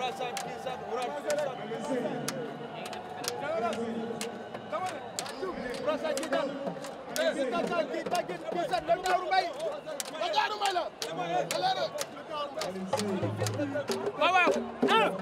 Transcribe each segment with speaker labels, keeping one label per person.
Speaker 1: Vurarsan Prizak, Vurarsan Prizak. Vurarsan Prizak. Prizak'tan Prizak git, Prizak ne kadar umayı? Ne kadar umayla? Ne kadar umayla? Baba, ha!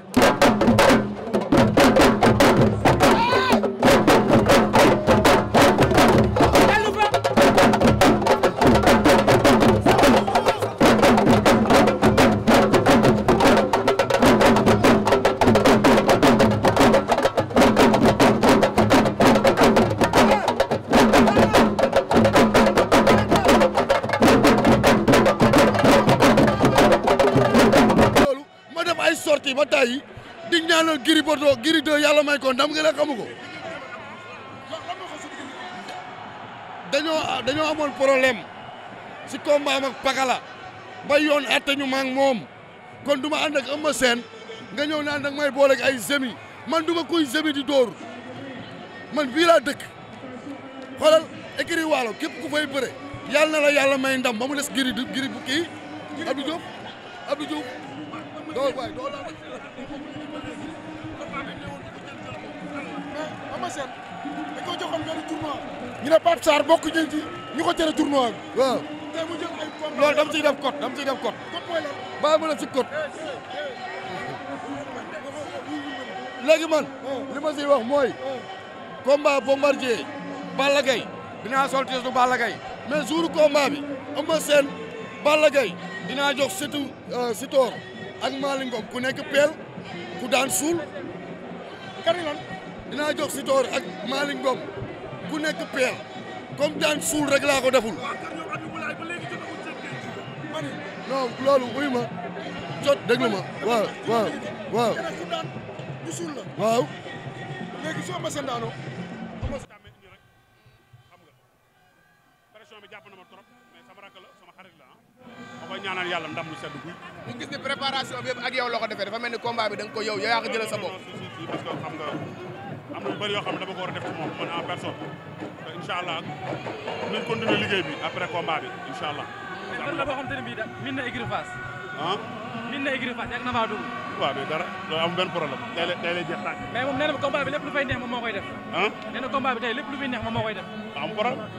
Speaker 1: sorti ba tàyyi di ñaanal Gris Bordeaux Gris 2 yàlla may ko ndam nga la dañoo amoon problème si combat ak Pakala ba yoon atte ñu maag moom kon du ma ànd ak Eumeu nga ñëw naan nag may boole ak ay zemi man du ma kuy zemi di dóor man fii laa dëkk xoolal écrit waalo képp ku fay bëre yàlla na la yàlla may ndam ba mu des Gris Gris bu kii Abdou Diouf Abdou doo waay doo laal mais eh, Eumeu Sène bokk ñu ñu ko jëlee tournoi bi waaw tey mu jël ay combat loolu dama ciy def code dama ciy def code code mooy eh, eh, man li ma siy wax mooy combat bombardier Balla Gaye dinaa sol teesu Balla Gaye mais jour combat bi Eumeu Sène Balla Gaye dinaa jox surtout euh, Sitor ak Malick Ngom ku nekk peel ku daan suul kari lan dinaa jox si ak Malick ku nekk peel comme daan suul rek laa ko deful non loolu wuy ma jot déglu ma waaw waaw waaw
Speaker 2: émission bi jàpp
Speaker 3: na ma trop mais sama rakk la sama xarit la ah. ma koy ñaanal yàlla ndam lu sedd guy. ñu gis ni préparation bi yëpp ak yow la ko defee dafa mel ni combat bi da nga ko yow yow yaa ko jëlal sa bopp. si parce que xam nga am na lu bëri yoo xam ne dama ko war a def ci moom man en personne. te incha allah nañ continuer liggéey bi après combat bi incha allah. incha allah mais lan la boo xam te ne bii da min na Igri Fass. ah min na Igri Fass yàgg na faa dugg. waaw mais dara loolu amul benn problème day lay day lay jeex tànk. mais moom nee na combat bi lépp lu fay neex
Speaker 4: moom moo koy def. ah nee na combat bi tey lépp lu fiy neex moom moo koy def. am problème.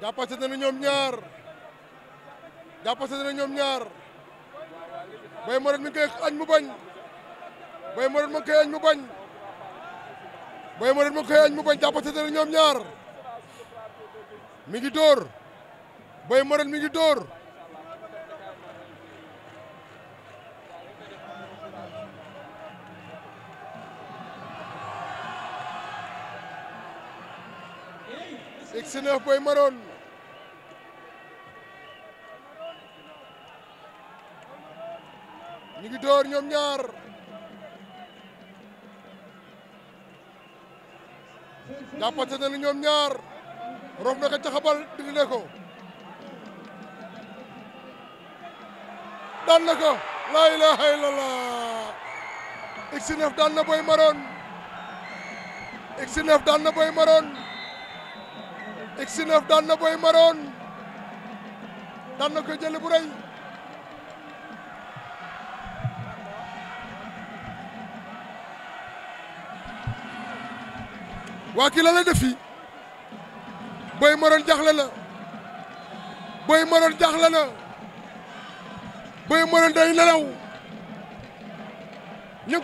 Speaker 2: jàppase nañu ñoom ñaar jàppase nañu ñoom ñaar Boy Maroon mi ngi koy añ mu bañ Boy Maroon mi ngi koy añ mu bañ Boy Maroon mi ngi koy añ mu bañ jàppase nañu ñoom ñaar mi ngi dóor Boy Maroon mi ngi dóor X9 Boy Maroon ngi ñoom ñaar jàppante nañu ñoom ñaar rof na ko caxabal dindi na ko daan na ko laa ilaha illallah X9 daan na Boy Maroon X9 daan na Boy Maroon X9 daan na Boy Maroon
Speaker 5: daan na ko jël bu
Speaker 2: waa kii la la def fii booy moroon jaxle la booy moroon jaxle la booy moroon day nelaw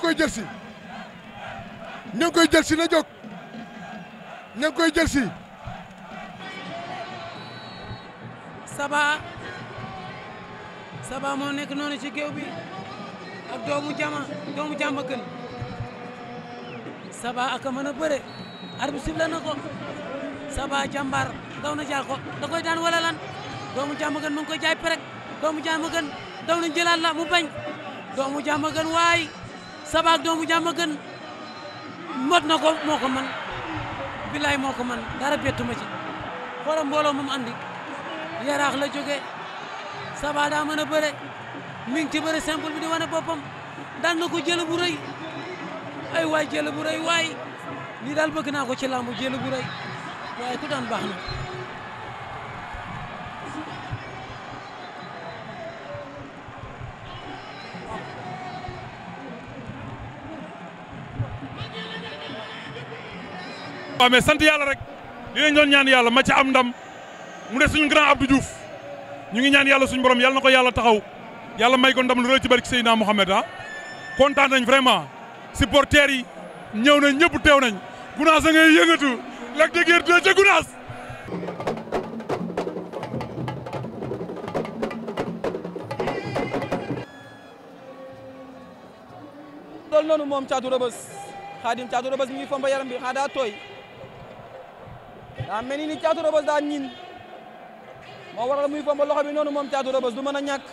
Speaker 2: koy jëlsi si koy jël si na jog ña koy jël si
Speaker 6: saba saba moo nekk noonu ci géew bi ak doomu jama doomu jàmba gën saba aka mën a bëre arbitre sifflé na ko Saba jàmbaar daw na jaa ko da koy daan wala lan doomu jàmm gën mu ngi koy jaay perek doomu jàmm gën daw na jëlaat la mu bañ doomu jàmm gën waay Saba ak doomu jàmm gën mot na ko moo ko man bilaay moo ko mën dara bettuma ci borom mbooloo moom andi yaraax la joge Saba daa mën a bëre mi ngi bëre simple bi di wane boppam daan na ko jël bu rëy waay jël bu rëy waay lii daal bëgg naa ko ci làmb jël
Speaker 3: bu sant yàlla rek li lañ doon ñaan yàlla ma ca am ndam mu des suñu grand Abdou Diouf ñu ngi ñaan yàlla suñu borom yàlla na ko yàlla taxaw yàlla may ko ndam lu rëy ci barke Seydina Mohamed ah kontaan nañ vraiment supporters yi ñëw ñëpp teew nañ. gunaas a ngay yëngatu Lac de Guiers gunaas
Speaker 4: loolu noonu moom caatu rëbës xaadim caatu rëbës mi ngi fomba yaram bi xaa daa tooy daa mel ni caatu rëbës daa ñin moo waral muy fomba loxo bi noonu moom caatu rëbës du mën a ñàkk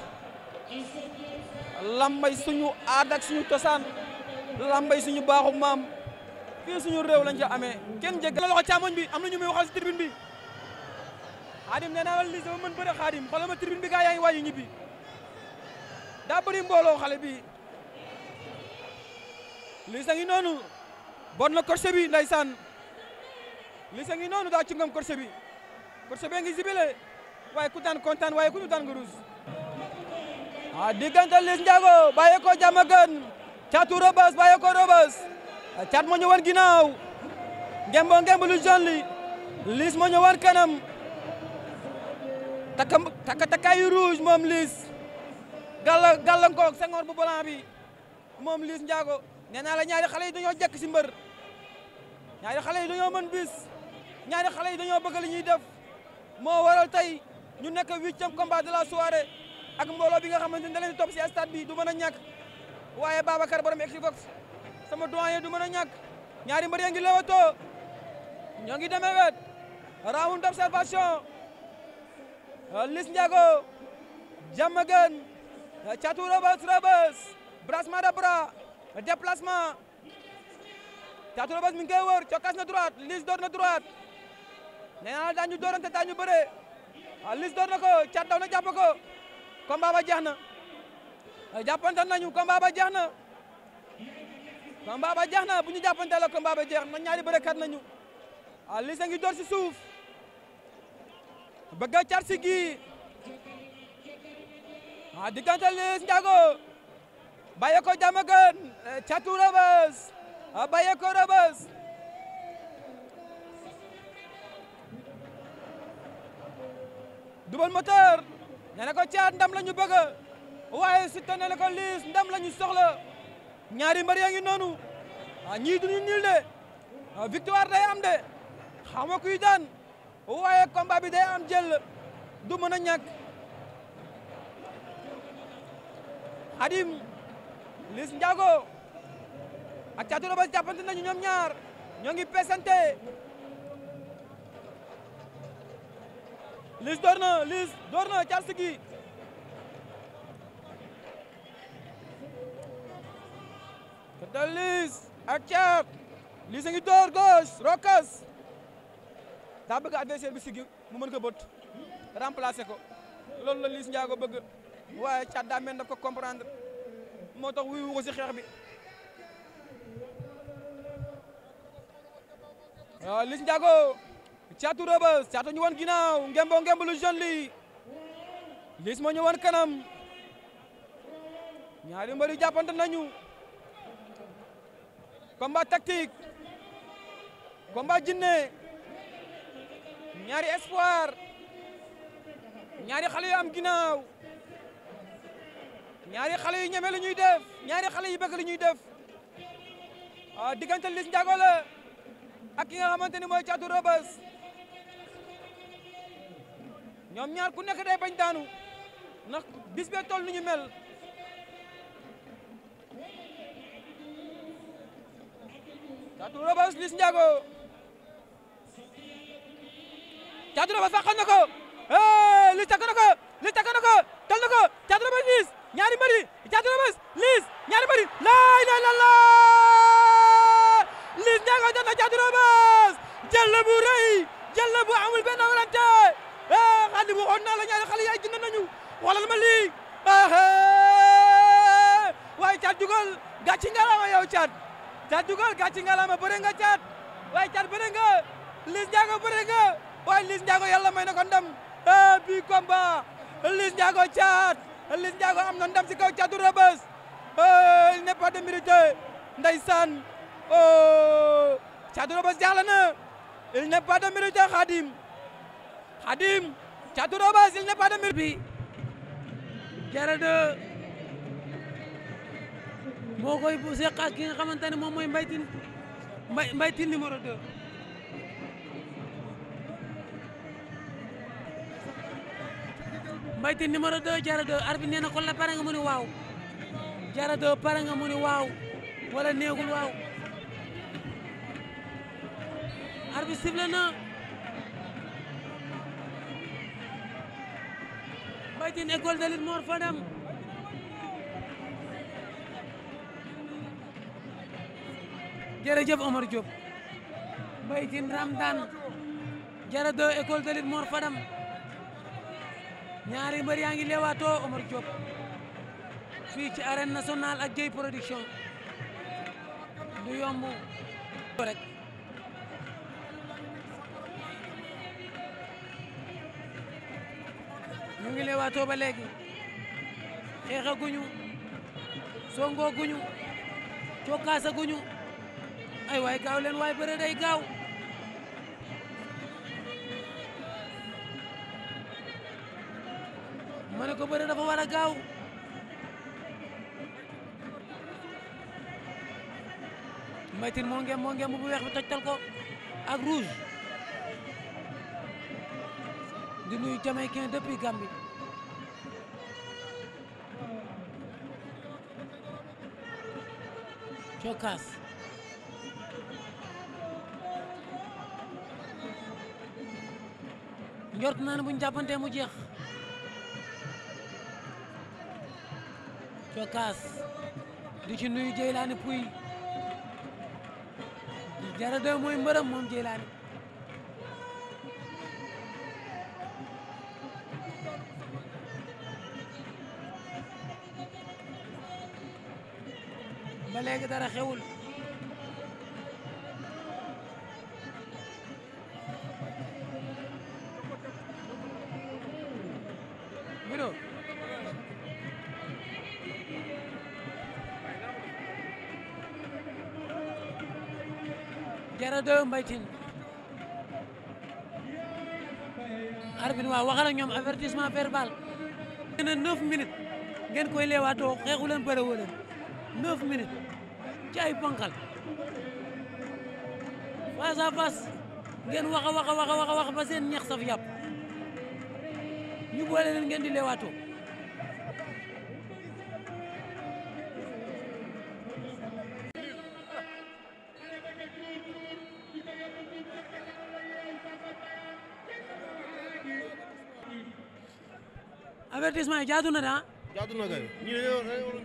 Speaker 4: lambay suñu aada suñu cosaan lambay suñu baaxu maam fii suñu réew lañ ca amee kenn jégg la bi am na ñu muy waxal si tribune bi xaadim nee naa la lii mën bëre xaadim xoolal ma tribune bi gaa yaa ngi waaj bi ñibbi daa xale bi lii sa ngi noonu bon na corse bi ndeysaan lii sa ngi noonu daa cungam corse bi corse bee ngi zibile waaye ku daan kontaan waaye ku ñu daan nga ruus
Speaker 6: ah diggante Liss
Speaker 4: Ndiago bàyyi ko Diamaguène Thiatou Robas bàyyi ko Robas cat moo ñu war ginnaaw ngembo ngemb lu jaune war kanam takka takka takkaayu rouge moom liis gàlla gàllankoog sengoor bu blanc bi moom liis njaago nee naa ñaari xale yi dañoo jekk si mbër ñaari xale yi dañoo mën bis ñaari xale yi dañoo bëgg li ñuy def moo waral tey ñu nekk huitième combat de la soirée ak mbooloo bi nga xamante ne da leen di topp si stade bi du mën a ñàkk waaye Babacar borom Equivox sama doyen du mën a ñàkk ñaari mbër yaa ngi lewatoo ñoo ngi demee wet round d'observation Liss Ndiago Diamaguène catu rëbës rëbës brassement de bras déplacement catu rëbës mi ngi cokkas na droite Liss door na droite nee naa daañu doorante daañu bëre ah, Liss door na ko cat daw na jàpp ko combat ba jeex na jàppante nañu combat ba jeex na combat jeex na bu ñu jàppante la combat ba jeex na ñaari bërekat nañu a ah, Liss a ngi door si car si gi a ah, diggante Liss Ndiago bàyyi rëbës a rëbës dubal moteur nee ko caat ndam la ñu bëgg waaye su tane ko Liss ndam la ñu soxla ñaari mbër yaa ngi noonu ah ñii duñu ñil de ah, victoire day am de xam nga kuy daan waaye combat bi day am jël du mën a ñàkk Xadim Liss Ndiago ak Thiatou Rebeuss jàppante nañu ñoom ñaar ñoo ngi pesante Liss door na Liss door na Thiatou gi dalis ak caat liis a ngi door gauche rokas daa bëgg adversaire bi sigi mu mën ko bët remplacer ko loolu la liis njaago bëgg waaye caat daa mel ko comprendre moo tax wuyu ko si xeex bi waaw liis njaago caatu rëbës caatu ñu woon ginnaaw ngemboo ngemb lu jeune li liis moo ñu woon kanam mo mbër yi jàppante nañu combat tactique combat jinne ñaari espoir ñaari xale yu am ginnaaw ñaari xale yu ñeme lu ñuy def ñaari xale yu bëgg lu ñuy def a ah, diggante Liss Ndiago la ak ki nga xamante ni mooy Thiatou Robes ñoom ñaar ku nekk day ndax bis bee toll ni ñu mel caatu Rebeuss Liss Ndiago caatu Rebeuss na ko Liss takk na na ko tal na ko caatu Rebeuss Liss ñaari mbëri caatu Rebeuss Liss ñaari mbëri laa ilaaha illallaah Liss Ndiago jël na caatu Rebeuss jël bu bu amul benn warante xandi waxoon naa la ñaari xale yaay jënd nañu xoolal ma lii waaye caat jugal caat dugal gàcci ngalaama bëre nga caat waaye caat bëre nga Liss Ndiago bëre nga waaye na ko ndam eh, bi combat Liss Ndiago caat Liss Ndiago am na ndam si kaw caatu rëbës eh, il n'est pas de mérite ndeysaan caatu eh, rëbës jaaxle na il n'est pas de mérite xaadim xaadim
Speaker 6: rëbës il n'est pas de mérite bi gerte moo koy seq ak ki nga xamante ne moom mooy Mbaye Tine Mbaye Tine numéro 2. Mbaye Tine numéro 2 Diarra 2 arbitre nee na mu ni waaw Diarra 2 mu ni waaw wala néegul waaw arbitre sifflé na Mbaye Tine école Fadam jërëjëf Omar Diop Mbaye Tine Ramdan Diarra 2 école de Mor Fadam ñaari mbër yaa ngi leewaatoo Omar Diop fii ci arène nationale ak Dieye production du yomb rek ngi leewaatoo ba léegi xeexaguñu songoguñu cokaasaguñu ay waay gaaw waay bëre day gaaw ma ne ko bëre dafa war a gaaw mbaytin moo ngem moo ngem bu weex bi tojtal ko ak rouge di nuyu jamaïcain depuis Gambie cokaas njort naa ne bu ñu mu jeex cokaas di ci nuyu Jeylaani Puy jara mooy mbërëm moom Jeylaani ba dara xewul 2 Mbaye Tine arbitre waaw waxal ak ñoom avertissement verbal nee na 9 minutes ngeen koy leewaatoo xeexu leen bëre woo leen 9 minutes ci ay ponkal face à face ngeen wax a wax a wax a wax saf yàpp ñu boole leen ngeen di leewaatoo avertissement yi jaadu na de ah. kay
Speaker 1: ñu yow xeex.
Speaker 2: dañoo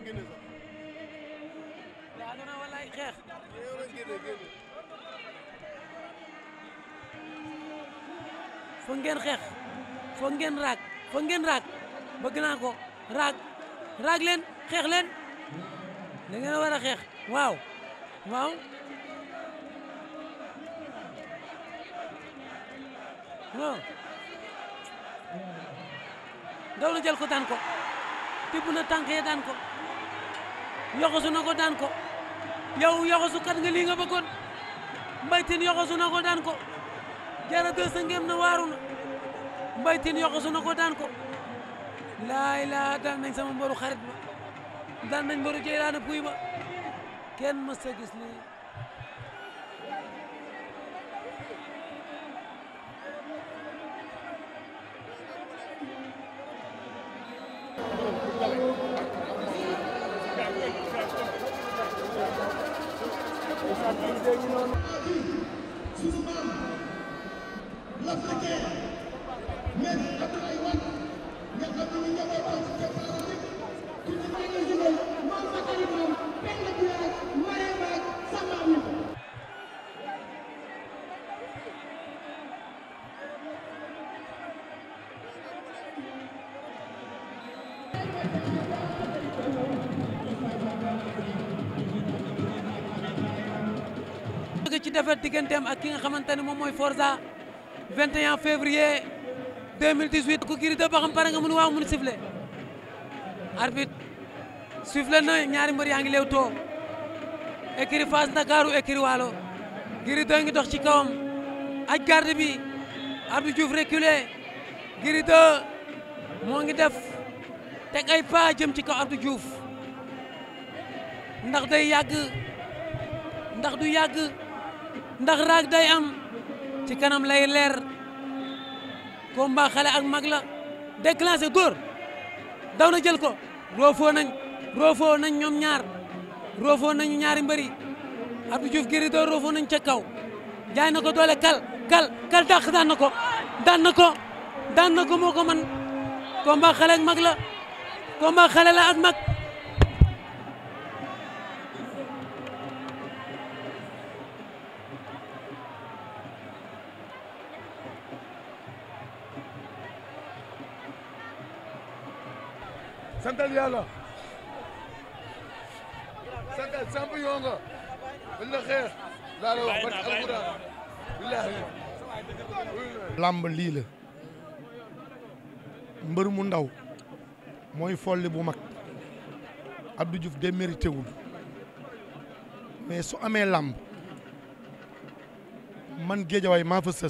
Speaker 6: ngeen xeex foog ngeen raag foog ngeen raag bëgg naa ko raag raag leen xeex leen da ngeen a war a xeex waaw waaw. non. daw la jël ko daan ko tibb na tànk ya daan ko yoxosu na ko daan ko yow yoxosu kat nga lii nga bëggoon mbaytin yoxosu na ko daan ko jara deux sa ngéem na waaru na mbaytin yoxosu na ko daan ko laay laa daan nañ sama mboru xarit ba daan nañ mboru jeylaana puy ba kenn mës a gis
Speaker 2: suñu maam
Speaker 1: l'Africain même Abdoulaye Wade nga xam ne ñu njabootam
Speaker 2: ci keppaaru nit ku ci mën a jógee moom Bakary Maam Penda Biaye Marème Baak sa maam
Speaker 6: rafet digganteem ak ki nga xamante ne moom mooy Forza 21 février 2018 ku kiri da ba xam pare nga mun waaw mun sifflé arbitre sifflé na ñaari mbër yaa ngi leew too écurie Fass Ndakaaru écurie Waalo Gris 2 ngi dox ci kawam aj garde bi Abdou Diouf reculé Gris 2 moo ngi def teg ay pas jëm ci kaw Abdou Diouf ndax day yàgg ndax du yàgg ndax raag day am ci kanam lay leer combat xale ak mag la déclenché góor daw na jël ko roofoo nañ roofoo nañ ñoom ñaar roofoo nañu ñaari mbëri a Diouf giri doo roofoo nañ ca kaw jaay na ko doole kal kal kal dàq daan na ko daan na ko daan na ko moo ko man combat xale ak mag la combat xale la ak mag
Speaker 2: santal yàlla
Speaker 1: santal xeex laa la wax barki alxuraan billaahi
Speaker 3: làmb lii la mbër mu ndaw mooy folli bu mag Abdou Diouf démérité wul mais su amee lamb man géejawaay maa fa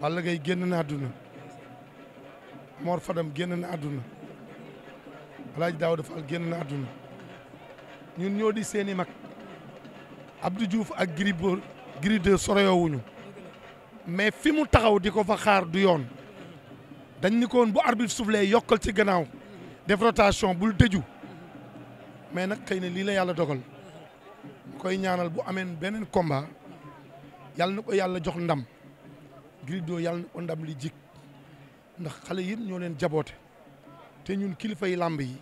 Speaker 3: Balla Gaye génn na Mor Fadam génn na àdduna Alaaji Daawda Fall génn na àdduna ñun ñoo di seeni mag Abdou Diouf ak Gris Bo Gris soreyowuñu mais fi mu taxaw di ko fa xaar du yoon dañ ni ko woon bu arbitre soufflé yokkal ci gannaaw def rotation bul tëju mais nag xëy na lii la yàlla dogal koy ñaanal bu ameen beneen combat yàlla na ko yàlla jox ndam Gris 2 yàlla na ko ndam li jik ndax xale yi ñoo leen jaboote te ñun kilifay làmb yi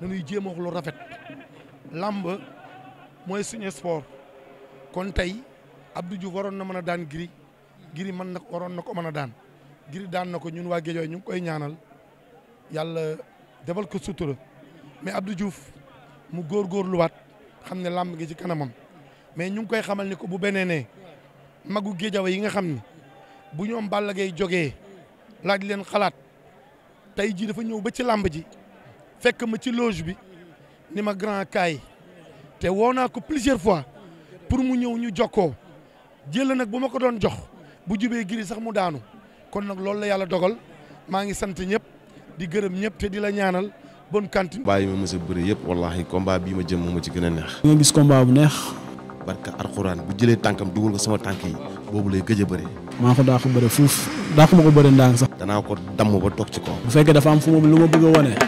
Speaker 3: dañuy jéem a lu rafet làmb mooy suñu sport kon tey Abdou Diouf waroon na mën a daan giri giri mën na waroon na ko mën a daan giri daan na ko ñun waa Géejawaay ñu ngi koy ñaanal yàlla defal ko sutura mais Abdou Diouf mu góorgóorluwaat xam ne làmb gi ci kanamam mais ñu ngi koy xamal ni ko bu beneenee magu Géejawaay yi nga xam ni bu ñoom Balla Gaye jógee laaj leen xalaat tey jii dafa ñëw ba ci làmb ji fekk ma ci loge bi ni ma grand kaay te woo naa ko plusieurs fois pour mu ñëw ñu jokkoo jël nag bu ma ko doon jox bu jubee giri sax mu daanu kon nag loolu la yàlla dogal maa ngi sant ñëpp di gërëm ñëpp te di la ñaanal bonne cantine. combat yi ma mës a bëri yëpp wallaahi combat bii ma jëm moo ma ci gën a neex.
Speaker 2: nga gis combat bu neex.
Speaker 3: barka alxuraan bu jëlee tànkam dugul ko sama tànk yi. boobu lay gëj a bëri
Speaker 2: maa ko daa ko bëri fuuf ko ma ko bëri ndànk sax
Speaker 5: danaa ko damm ba toog ci kaw bu
Speaker 2: fekkee dafa am fu lu ma bëgg a